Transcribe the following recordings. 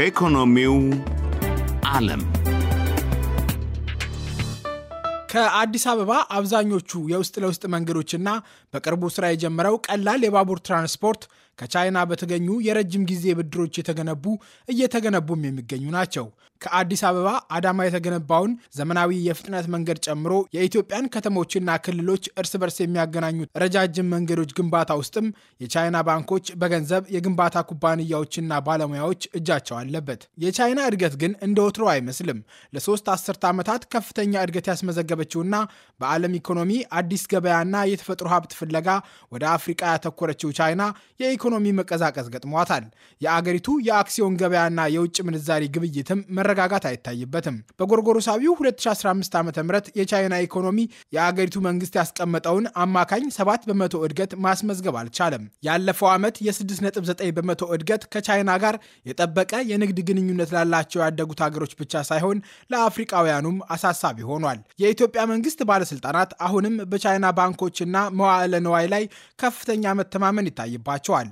ከኢኮኖሚው ዓለም ከአዲስ አበባ አብዛኞቹ የውስጥ ለውስጥ መንገዶችና በቅርቡ ስራ የጀመረው ቀላል የባቡር ትራንስፖርት ከቻይና በተገኙ የረጅም ጊዜ ብድሮች የተገነቡ እየተገነቡም የሚገኙ ናቸው። ከአዲስ አበባ አዳማ የተገነባውን ዘመናዊ የፍጥነት መንገድ ጨምሮ የኢትዮጵያን ከተሞችና ክልሎች እርስ በርስ የሚያገናኙ ረጃጅም መንገዶች ግንባታ ውስጥም የቻይና ባንኮች በገንዘብ የግንባታ ኩባንያዎችና ባለሙያዎች እጃቸው አለበት። የቻይና እድገት ግን እንደ ወትሮ አይመስልም። ለሶስት አስርተ ዓመታት ከፍተኛ እድገት ያስመዘገበችውና በዓለም ኢኮኖሚ አዲስ ገበያና የተፈጥሮ ሀብት ፍለጋ ወደ አፍሪቃ ያተኮረችው ቻይና የ የኢኮኖሚ መቀዛቀዝ ገጥሟታል። የአገሪቱ የአክሲዮን ገበያና የውጭ ምንዛሪ ግብይትም መረጋጋት አይታይበትም። በጎርጎሮሳቢው 2015 ዓ ም የቻይና ኢኮኖሚ የአገሪቱ መንግስት ያስቀመጠውን አማካኝ 7 በመቶ እድገት ማስመዝገብ አልቻለም። ያለፈው ዓመት የ6.9 በመቶ እድገት ከቻይና ጋር የጠበቀ የንግድ ግንኙነት ላላቸው ያደጉት ሀገሮች ብቻ ሳይሆን ለአፍሪቃውያኑም አሳሳቢ ሆኗል። የኢትዮጵያ መንግስት ባለስልጣናት አሁንም በቻይና ባንኮችና መዋዕለ ነዋይ ላይ ከፍተኛ መተማመን ይታይባቸዋል።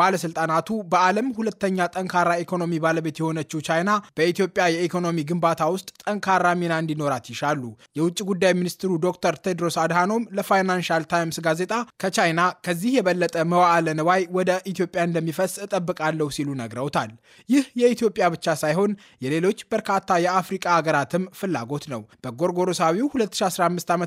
ባለስልጣናቱ በዓለም ሁለተኛ ጠንካራ ኢኮኖሚ ባለቤት የሆነችው ቻይና በኢትዮጵያ የኢኮኖሚ ግንባታ ውስጥ ጠንካራ ሚና እንዲኖራት ይሻሉ። የውጭ ጉዳይ ሚኒስትሩ ዶክተር ቴድሮስ አድሃኖም ለፋይናንሻል ታይምስ ጋዜጣ ከቻይና ከዚህ የበለጠ መዋዕለ ንዋይ ወደ ኢትዮጵያ እንደሚፈስ እጠብቃለሁ ሲሉ ነግረውታል። ይህ የኢትዮጵያ ብቻ ሳይሆን የሌሎች በርካታ የአፍሪቃ ሀገራትም ፍላጎት ነው። በጎርጎሮሳዊው 2015 ዓ ም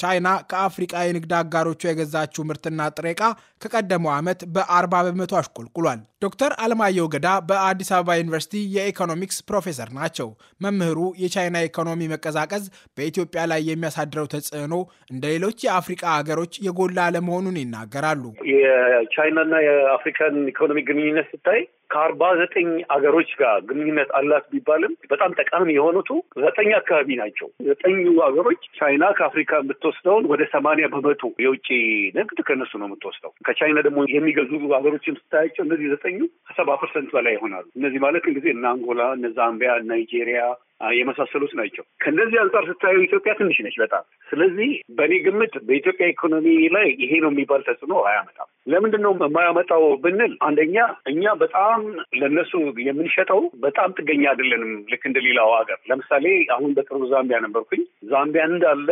ቻይና ከአፍሪቃ የንግድ አጋሮቹ የገዛችው ምርትና ጥሬ ዕቃ ከቀደመው ዓመት በ40 በመቶ አሽቆልቁሏል። ዶክተር አለማየሁ ገዳ በአዲስ አበባ ዩኒቨርሲቲ የኢኮኖሚክስ ፕሮፌሰር ናቸው። መምህሩ የቻይና ኢኮኖሚ መቀዛቀዝ በኢትዮጵያ ላይ የሚያሳድረው ተጽዕኖ እንደ ሌሎች የአፍሪቃ ሀገሮች የጎላ አለመሆኑን ይናገራሉ። የቻይናና የአፍሪካን ኢኮኖሚ ግንኙነት ስታይ ከአርባ ዘጠኝ አገሮች ጋር ግንኙነት አላት ቢባልም በጣም ጠቃሚ የሆኑቱ ዘጠኝ አካባቢ ናቸው። ዘጠኙ አገሮች ቻይና ከአፍሪካ የምትወስደውን ወደ ሰማንያ በመቶ የውጭ ንግድ ከነሱ ነው የምትወስደው። ከቻይና ደግሞ የሚገዙ ሀገሮች ሀገሮችን ስታያቸው እነዚህ ዘጠኙ ከሰባ ፐርሰንት በላይ ይሆናሉ። እነዚህ ማለት እንግዲህ እነ አንጎላ፣ እነ ዛምቢያ፣ ናይጄሪያ የመሳሰሉት ናቸው። ከእነዚህ አንጻር ስታየው ኢትዮጵያ ትንሽ ነች በጣም። ስለዚህ በእኔ ግምት በኢትዮጵያ ኢኮኖሚ ላይ ይሄ ነው የሚባል ተጽዕኖ አያመጣም። ለምንድን ነው የማያመጣው ብንል፣ አንደኛ እኛ በጣም ለነሱ የምንሸጠው በጣም ጥገኛ አይደለንም። ልክ እንደ ሌላው ሀገር። ለምሳሌ አሁን በቅርቡ ዛምቢያ ነበርኩኝ። ዛምቢያ እንዳለ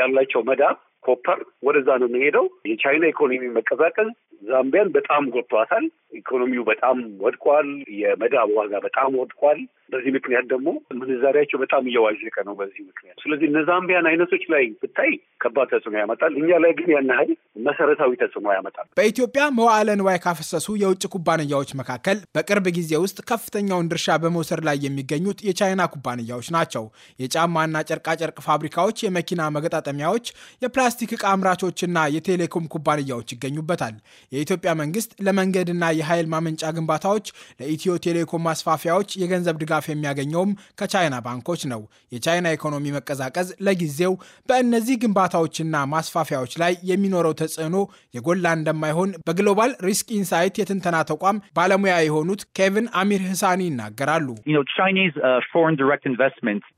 ያላቸው መዳብ ኮፐር ወደዛ ነው የሚሄደው። የቻይና ኢኮኖሚ መቀዛቀዝ ዛምቢያን በጣም ጎድቷታል። ኢኮኖሚው በጣም ወድቋል። የመዳብ ዋጋ በጣም ወድቋል። በዚህ ምክንያት ደግሞ ምንዛሪያቸው በጣም እየዋዠቀ ነው። በዚህ ምክንያት ስለዚህ እነ ዛምቢያን አይነቶች ላይ ብታይ ከባድ ተጽዕኖ ያመጣል። እኛ ላይ ግን ያን ያህል መሰረታዊ ተጽዕኖ ያመጣል። በኢትዮጵያ መዋዕለ ንዋይ ካፈሰሱ የውጭ ኩባንያዎች መካከል በቅርብ ጊዜ ውስጥ ከፍተኛውን ድርሻ በመውሰድ ላይ የሚገኙት የቻይና ኩባንያዎች ናቸው። የጫማና ጨርቃጨርቅ ፋብሪካዎች፣ የመኪና መገጣጠሚያዎች፣ የፕላስ የፕላስቲክ ዕቃ አምራቾችና የቴሌኮም ኩባንያዎች ይገኙበታል። የኢትዮጵያ መንግስት ለመንገድና የኃይል ማመንጫ ግንባታዎች፣ ለኢትዮ ቴሌኮም ማስፋፊያዎች የገንዘብ ድጋፍ የሚያገኘውም ከቻይና ባንኮች ነው። የቻይና ኢኮኖሚ መቀዛቀዝ ለጊዜው በእነዚህ ግንባታዎችና ማስፋፊያዎች ላይ የሚኖረው ተጽዕኖ የጎላ እንደማይሆን በግሎባል ሪስክ ኢንሳይት የትንተና ተቋም ባለሙያ የሆኑት ኬቪን አሚር ህሳኒ ይናገራሉ። uh,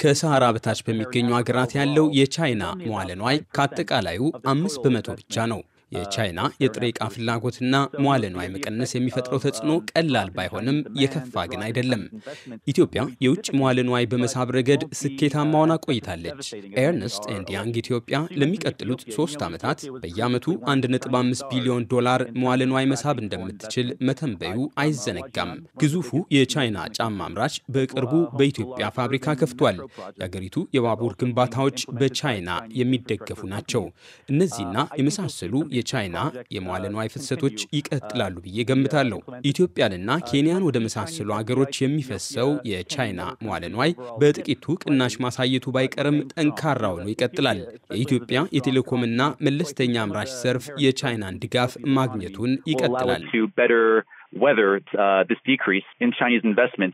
ከሰሃራ በታች በሚገኙ ሀገራት ያለው የቻይና መዋለ ንዋይ ከአጠቃላይ በላዩ አምስት በመቶ ብቻ ነው። የቻይና የጥሬ ዕቃ ፍላጎትና መዋለ ንዋይ መቀነስ የሚፈጥረው ተጽዕኖ ቀላል ባይሆንም የከፋ ግን አይደለም። ኢትዮጵያ የውጭ መዋለ ንዋይ በመሳብ ረገድ ስኬታማ ሆና ቆይታለች። ኤርነስት ኤንድ ያንግ ኢትዮጵያ ለሚቀጥሉት ሶስት ዓመታት በየዓመቱ 1.5 ቢሊዮን ዶላር መዋለ ንዋይ መሳብ እንደምትችል መተንበዩ አይዘነጋም። ግዙፉ የቻይና ጫማ አምራች በቅርቡ በኢትዮጵያ ፋብሪካ ከፍቷል። የአገሪቱ የባቡር ግንባታዎች በቻይና የሚደገፉ ናቸው። እነዚህና የመሳሰሉ የቻይና የመዋለ ንዋይ ፍሰቶች ይቀጥላሉ ብዬ uh, ገምታለሁ። ኢትዮጵያንና uh, ኬንያን ወደ መሳሰሉ አገሮች የሚፈሰው የቻይና መዋለ ንዋይ በጥቂቱ ቅናሽ ማሳየቱ ባይቀርም ጠንካራ ሆኖ ይቀጥላል። የኢትዮጵያ የቴሌኮምና መለስተኛ አምራች ዘርፍ የቻይናን ድጋፍ ማግኘቱን ይቀጥላል። uh,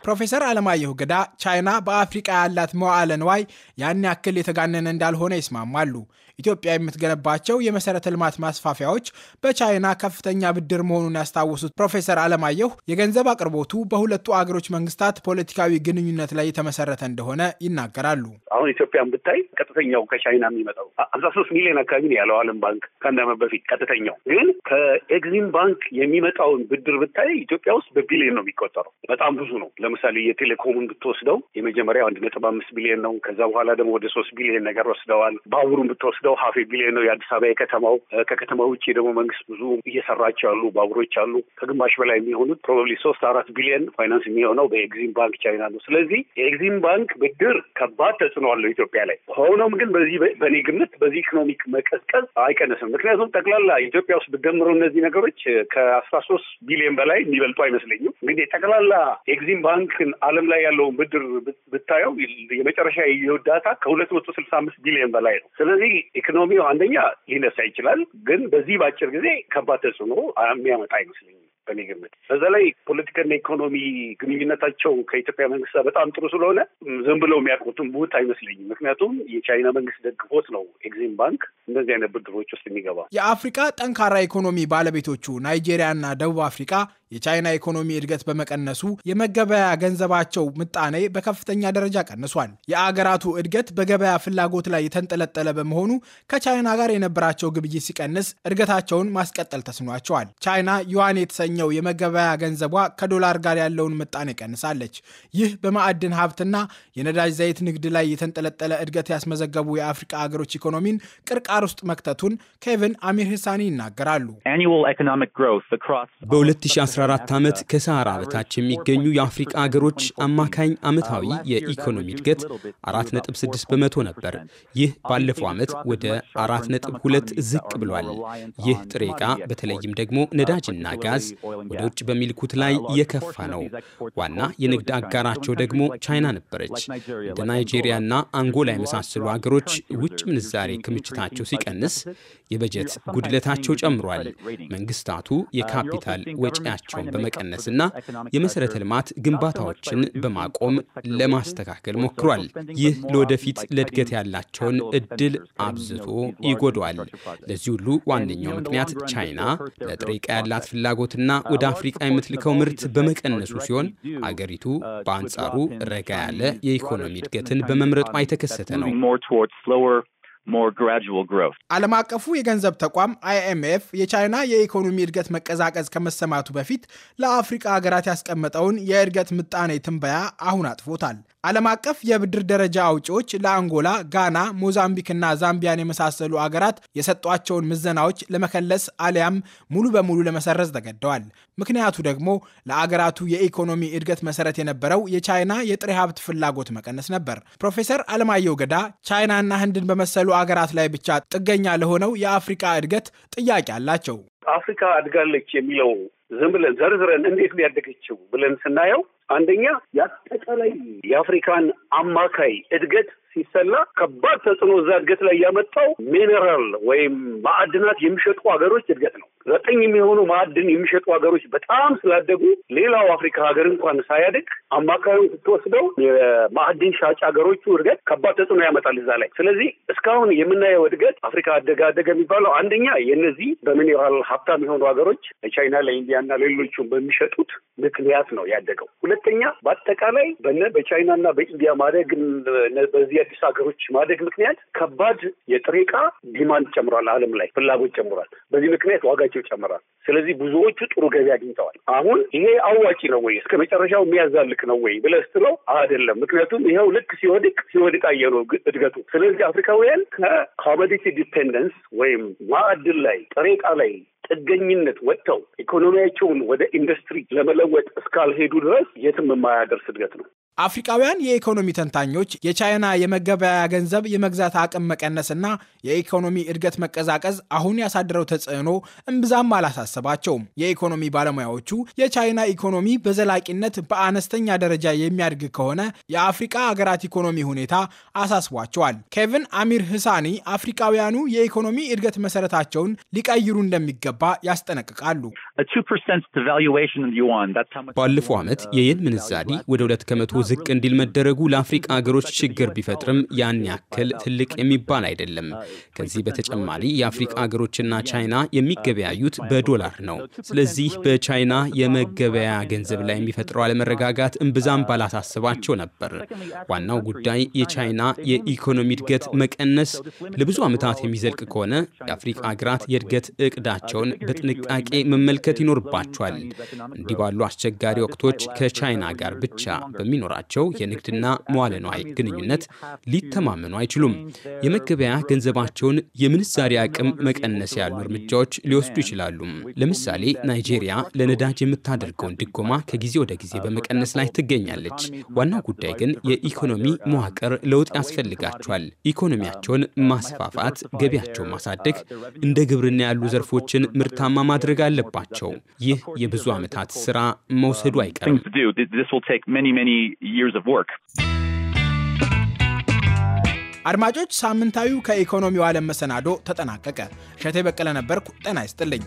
ፕሮፌሰር አለማየሁ ገዳ ቻይና በአፍሪቃ ያላት መዋዕለ ንዋይ ያን ያክል የተጋነነ እንዳልሆነ ይስማማሉ። ኢትዮጵያ የምትገነባቸው የመሰረተ ልማት ማስፋፊያዎች በቻይና ከፍተኛ ብድር መሆኑን ያስታወሱት ፕሮፌሰር አለማየሁ የገንዘብ አቅርቦቱ በሁለቱ አገሮች መንግስታት ፖለቲካዊ ግንኙነት ላይ የተመሰረተ እንደሆነ ይናገራሉ። አሁን ኢትዮጵያን ብታይ ቀጥተኛው ከቻይና የሚመጣው አምሳ ሶስት ሚሊዮን አካባቢ ነው ያለው ዓለም ባንክ ከአንድ በፊት ቀጥተኛው። ግን ከኤግዚም ባንክ የሚመጣውን ብድር ብታይ ኢትዮጵያ ውስጥ በቢሊዮን ነው የሚቆጠረው። በጣም ብዙ ነው። ለምሳሌ የቴሌኮሙን ብትወስደው የመጀመሪያው አንድ ነጥብ አምስት ቢሊዮን ነው። ከዛ በኋላ ደግሞ ወደ ሶስት ቢሊዮን ነገር ወስደዋል። ባቡሩን ብትወስ ወስደው ሀፌ ቢሊዮን ነው የአዲስ አበባ የከተማው። ከከተማ ውጭ ደግሞ መንግስት ብዙ እየሰራቸው ያሉ ባቡሮች አሉ። ከግማሽ በላይ የሚሆኑት ፕሮባብሊ ሶስት አራት ቢሊዮን ፋይናንስ የሚሆነው በኤግዚም ባንክ ቻይና ነው። ስለዚህ የኤግዚም ባንክ ብድር ከባድ ተጽዕኖ አለው ኢትዮጵያ ላይ። ሆኖም ግን በዚህ በእኔ ግምት በዚህ ኢኮኖሚክ መቀዝቀዝ አይቀንስም። ምክንያቱም ጠቅላላ ኢትዮጵያ ውስጥ ብደምሩ እነዚህ ነገሮች ከአስራ ሶስት ቢሊዮን በላይ የሚበልጡ አይመስለኝም። እንግዲህ ጠቅላላ ኤግዚም ባንክን አለም ላይ ያለውን ብድር ብታየው የመጨረሻ የእርዳታ ከሁለት መቶ ስልሳ አምስት ቢሊዮን በላይ ነው። ስለዚህ ኢኮኖሚው አንደኛ ሊነሳ ይችላል፣ ግን በዚህ በአጭር ጊዜ ከባድ ተጽዕኖ የሚያመጣ አይመስለኝም በኔ ግምት። በዛ ላይ ፖለቲካና ኢኮኖሚ ግንኙነታቸው ከኢትዮጵያ መንግስት ጋር በጣም ጥሩ ስለሆነ ዝም ብለው የሚያውቁትም ቡት አይመስለኝም። ምክንያቱም የቻይና መንግስት ደግፎት ነው ኤግዚም ባንክ እንደዚህ አይነት ብድሮች ውስጥ የሚገባ። የአፍሪካ ጠንካራ ኢኮኖሚ ባለቤቶቹ ናይጄሪያና ደቡብ አፍሪካ የቻይና ኢኮኖሚ እድገት በመቀነሱ የመገበያ ገንዘባቸው ምጣኔ በከፍተኛ ደረጃ ቀንሷል። የአገራቱ እድገት በገበያ ፍላጎት ላይ የተንጠለጠለ በመሆኑ ከቻይና ጋር የነበራቸው ግብይት ሲቀንስ እድገታቸውን ማስቀጠል ተስኗቸዋል። ቻይና ዩዋን የተሰኘው የመገበያ ገንዘቧ ከዶላር ጋር ያለውን ምጣኔ ቀንሳለች። ይህ በማዕድን ሀብትና የነዳጅ ዘይት ንግድ ላይ የተንጠለጠለ እድገት ያስመዘገቡ የአፍሪካ አገሮች ኢኮኖሚን ቅርቃር ውስጥ መክተቱን ኬቪን አሚር ሂሳኒ ይናገራሉ። 14 ዓመት ከሰሃራ በታች የሚገኙ የአፍሪቃ አገሮች አማካኝ ዓመታዊ የኢኮኖሚ እድገት 4.6 በመቶ ነበር። ይህ ባለፈው ዓመት ወደ 4.2 ዝቅ ብሏል። ይህ ጥሬ ዕቃ በተለይም ደግሞ ነዳጅና ጋዝ ወደ ውጭ በሚልኩት ላይ የከፋ ነው። ዋና የንግድ አጋራቸው ደግሞ ቻይና ነበረች። እንደ ናይጄሪያና አንጎላ የመሳሰሉ አገሮች ውጭ ምንዛሬ ክምችታቸው ሲቀንስ የበጀት ጉድለታቸው ጨምሯል። መንግስታቱ uh, የካፒታል ወጪያቸውን በመቀነስና የመሠረተ ልማት ግንባታዎችን በማቆም ለማስተካከል ሞክሯል። ይህ ለወደፊት ለእድገት ያላቸውን እድል አብዝቶ ይጎዷል። ለዚህ ሁሉ ዋነኛው ምክንያት ቻይና ለጥሬ ዕቃ ያላት ፍላጎትና uh, ወደ አፍሪቃ የምትልከው ምርት በመቀነሱ ሲሆን አገሪቱ uh, በአንጻሩ ረጋ ያለ um, የኢኮኖሚ እድገትን በመምረጧ የተከሰተ ነው። ዓለም አቀፉ የገንዘብ ተቋም አይኤምኤፍ የቻይና የኢኮኖሚ እድገት መቀዛቀዝ ከመሰማቱ በፊት ለአፍሪቃ ሀገራት ያስቀመጠውን የእድገት ምጣኔ ትንበያ አሁን አጥፎታል። ዓለም አቀፍ የብድር ደረጃ አውጪዎች ለአንጎላ፣ ጋና፣ ሞዛምቢክና ዛምቢያን የመሳሰሉ አገራት የሰጧቸውን ምዘናዎች ለመከለስ አሊያም ሙሉ በሙሉ ለመሰረዝ ተገደዋል። ምክንያቱ ደግሞ ለአገራቱ የኢኮኖሚ እድገት መሰረት የነበረው የቻይና የጥሬ ሀብት ፍላጎት መቀነስ ነበር። ፕሮፌሰር አለማየሁ ገዳ ቻይናና ህንድን በመሰሉ አገራት ላይ ብቻ ጥገኛ ለሆነው የአፍሪካ እድገት ጥያቄ አላቸው። አፍሪካ አድጋለች የሚለው ዝም ብለን ዘርዝረን እንዴት ነው ያደገችው ብለን ስናየው አንደኛ የአጠቃላይ የአፍሪካን አማካይ እድገት ሲሰላ ከባድ ተጽዕኖ እዛ እድገት ላይ ያመጣው ሚኔራል ወይም ማዕድናት የሚሸጡ ሀገሮች እድገት ነው። ዘጠኝ የሚሆኑ ማዕድን የሚሸጡ ሀገሮች በጣም ስላደጉ ሌላው አፍሪካ ሀገር እንኳን ሳያድግ አማካዩን ስትወስደው የማዕድን ሻጭ ሀገሮቹ እድገት ከባድ ተጽዕኖ ያመጣል እዛ ላይ። ስለዚህ እስካሁን የምናየው እድገት አፍሪካ አደገ አደገ የሚባለው አንደኛ የነዚህ በሚኔራል ሀብታም የሆኑ ሀገሮች ለቻይና ለኢንዲያና ሌሎቹም በሚሸጡት ምክንያት ነው ያደገው። ሁለተኛ በአጠቃላይ በነ በቻይናና በኢንዲያ ማደግ በዚህ የአዲስ ሀገሮች ማደግ ምክንያት ከባድ የጥሬ እቃ ዲማንድ ጨምሯል፣ ዓለም ላይ ፍላጎት ጨምሯል። በዚህ ምክንያት ዋጋቸው ጨምሯል። ስለዚህ ብዙዎቹ ጥሩ ገቢ አግኝተዋል። አሁን ይሄ አዋጭ ነው ወይ እስከ መጨረሻው የሚያዛልቅ ነው ወይ ብለህ ስትለው አይደለም። ምክንያቱም ይኸው ልክ ሲወድቅ ሲወድቅ አየ ነው እድገቱ። ስለዚህ አፍሪካውያን ከኮሞዲቲ ዲፔንደንስ ወይም ማዕድን ላይ ጥሬ ላይ ከጥገኝነት ወጥተው ኢኮኖሚያቸውን ወደ ኢንዱስትሪ ለመለወጥ እስካልሄዱ ድረስ የትም የማያደርስ እድገት ነው። አፍሪካውያን የኢኮኖሚ ተንታኞች የቻይና የመገበያያ ገንዘብ የመግዛት አቅም መቀነስና የኢኮኖሚ እድገት መቀዛቀዝ አሁን ያሳደረው ተጽዕኖ እምብዛም አላሳሰባቸውም። የኢኮኖሚ ባለሙያዎቹ የቻይና ኢኮኖሚ በዘላቂነት በአነስተኛ ደረጃ የሚያድግ ከሆነ የአፍሪካ አገራት ኢኮኖሚ ሁኔታ አሳስቧቸዋል። ኬቪን አሚር ህሳኒ አፍሪካውያኑ የኢኮኖሚ እድገት መሰረታቸውን ሊቀይሩ እንደሚገባ እንደሚገባ ያስጠነቅቃሉ። ባለፈው ዓመት uh, የየን ምንዛሪ ወደ ሁለት ከመቶ ዝቅ እንዲል መደረጉ ለአፍሪቃ ሀገሮች ችግር ቢፈጥርም ያን ያክል ትልቅ የሚባል አይደለም። uh, ከዚህ በተጨማሪ የአፍሪቃ ሀገሮችና ቻይና የሚገበያዩት uh, በዶላር ነው። ስለዚህ በቻይና የመገበያያ ገንዘብ ላይ የሚፈጥረው አለመረጋጋት እምብዛም ባላሳስባቸው ነበር። ዋናው ጉዳይ የቻይና የኢኮኖሚ እድገት መቀነስ ለብዙ ዓመታት የሚዘልቅ ከሆነ የአፍሪቃ ሀገራት የእድገት እቅዳቸውን በጥንቃቄ መመልከት ይኖርባቸዋል። እንዲህ ባሉ አስቸጋሪ ወቅቶች ከቻይና ጋር ብቻ በሚኖራቸው የንግድና መዋለ ንዋይ ግንኙነት ሊተማመኑ አይችሉም። የመገበያ ገንዘባቸውን የምንዛሪ አቅም መቀነስ ያሉ እርምጃዎች ሊወስዱ ይችላሉ። ለምሳሌ ናይጄሪያ ለነዳጅ የምታደርገውን ድጎማ ከጊዜ ወደ ጊዜ በመቀነስ ላይ ትገኛለች። ዋናው ጉዳይ ግን የኢኮኖሚ መዋቅር ለውጥ ያስፈልጋቸዋል። ኢኮኖሚያቸውን ማስፋፋት፣ ገቢያቸውን ማሳደግ፣ እንደ ግብርና ያሉ ዘርፎችን ምርታማ ማድረግ አለባቸው። ይህ የብዙ ዓመታት ስራ መውሰዱ አይቀርም። አድማጮች፣ ሳምንታዊው ከኢኮኖሚው ዓለም መሰናዶ ተጠናቀቀ። እሸቴ በቀለ ነበርኩ። ጤና ይስጥልኝ።